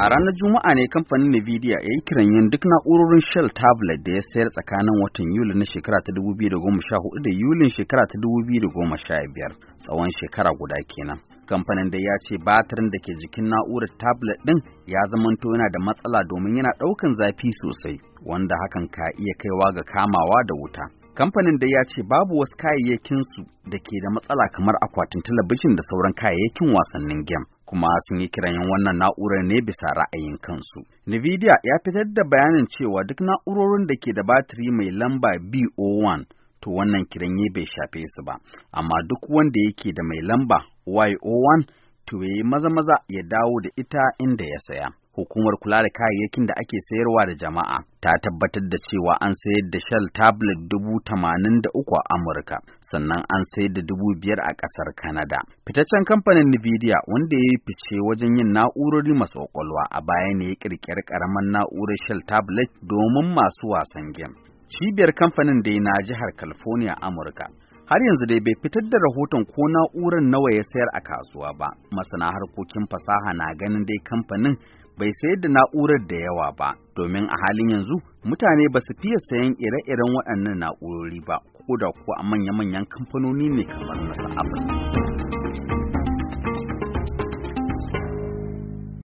A ranar Juma'a ne kamfanin Nvidia ya yi kiran yin duk na'urorin Shell tablet da ya sayar tsakanin watan Yuli na shekara ta 2014 da Yulin shekara ta 2015 tsawon shekara guda kenan. Kamfanin da ya ce batirin da ke jikin na'urar tablet ɗin ya zamanto yana da matsala domin yana ɗaukan zafi sosai, wanda hakan ka iya kaiwa ga kamawa da wuta. kamfanin da ya ce babu wasu kayayyakinsu da ke da matsala kamar akwatin talabijin da sauran kayayyakin wasannin game kuma sun yi kiran wannan na'urar ne bisa ra'ayin kansu. NVIDIA ya fitar da bayanin cewa duk na'urorin da ke da batiri mai lamba BO1 to wannan kiranye bai shafe su ba, amma duk wanda yake da mai lamba YO1 to ya yi maza-maza ya dawo da ita inda ya saya. Hukumar kula da kayayyakin da ake sayarwa da jama'a ta tabbatar da cewa an sayar da Shell tablet dubu tamanin da uku a Amurka, sannan an sai da dubu biyar a ƙasar Kanada. Fitaccen kamfanin Nvidia wanda ya yi fice wajen yin na'urori masu ƙwaƙwalwa a baya ne ya ƙirƙiri ƙaramin na'urar Shell tablet domin masu wasan game. Cibiyar kamfanin dai na jihar California, Amurka. har yanzu dai bai fitar da rahoton ko na'urar nawa ya sayar a kasuwa ba masana harkokin fasaha na ganin dai kamfanin bai sayar da na'urar da yawa ba domin a halin yanzu mutane ba su fiye sayan ire-iren waɗannan na'urori ba ko da kuwa a manya-manyan kamfanoni ne kamar masu apple